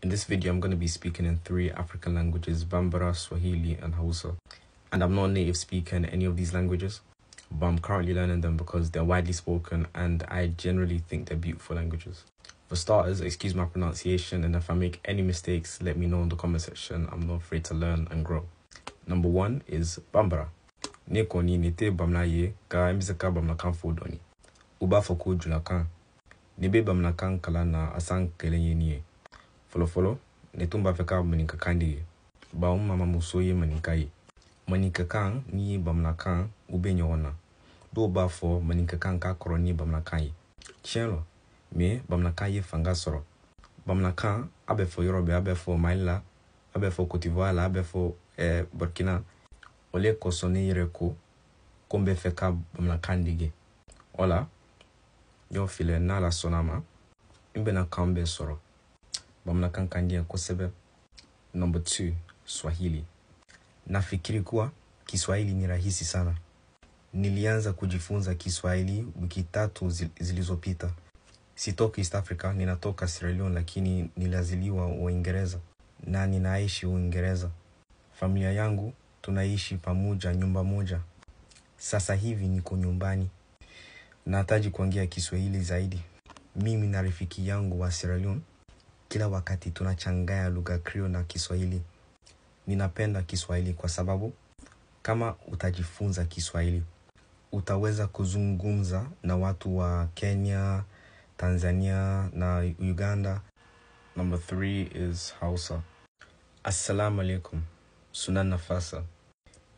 In this video, I'm going to be speaking in three African languages, Bambara, Swahili, and Hausa. And I'm not a native speaker in any of these languages, but I'm currently learning them because they're widely spoken and I generally think they're beautiful languages. For starters, excuse my pronunciation, and if I make any mistakes, let me know in the comment section. I'm not afraid to learn and grow. Number one is Bambara. Nekoni ni nete bamlaye ka mbisaka bamlakan fodoni. Uba foko julakan. Nebe bamlakan kalana asan kelenye niye. Fɔlɔfɔlɔ ne tun b'a fɛ ka maninkakan de ye. Bawo n mama muso ye maninka ye. Maninkakan ni bamanankan u bɛ ɲɔgɔn na. Dɔw b'a fɔ maninkakan ka kɔrɔ ni bamanankan ye. Tiɲɛ lɔ, mɛ bamanankan ye fanga sɔrɔ. Bamanankan a bɛ fɔ yɔrɔ bɛɛ, a bɛ fɔ Mali la, a bɛ fɔ Côte d'Ivoire la, a bɛ fɔ eh, Burkina. O le kosɔn ne yɛrɛ ko ko n bɛ fɛ ka bamanankan dege. O la, ɲɔ filɛ n'Ala sɔnn'a ma, n bɛna kan bɛɛ sɔrɔ. mnakankania kwa sababu number two swahili nafikiri kuwa kiswahili ni rahisi sana nilianza kujifunza kiswahili wiki tatu zilizopita sitoki east africa ninatoka sierra leone lakini niliaziliwa uingereza na ninaishi uingereza familia yangu tunaishi pamoja nyumba moja sasa hivi niko nyumbani nahitaji kuongea kiswahili zaidi mimi na rafiki yangu wa sierra leone kila wakati tunachangaya lugha krio na kiswahili. Ninapenda kiswahili kwa sababu kama utajifunza kiswahili, utaweza kuzungumza na watu wa Kenya, Tanzania na Uganda. Number three is Hausa. Assalamu alaikum. Sunan fasa.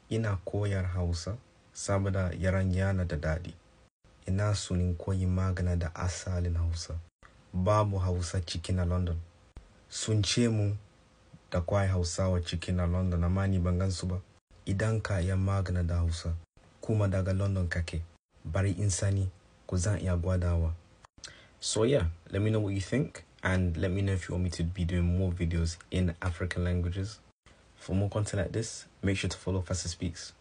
Ina koyar Hausa saboda yaranyana da dadi Ina sunin koyi magana da asalin Hausa. babu hausa chicken na london sun ce mu da kwai hausawa na london Namani bangansuba. Idanka gansu ya magana da hausa kuma daga london kake bari insani kuzan ya iya gwadawa so yeah let me know what you think and let me know if you want me to be doing more videos in african languages for more content like this make sure to follow Faster speaks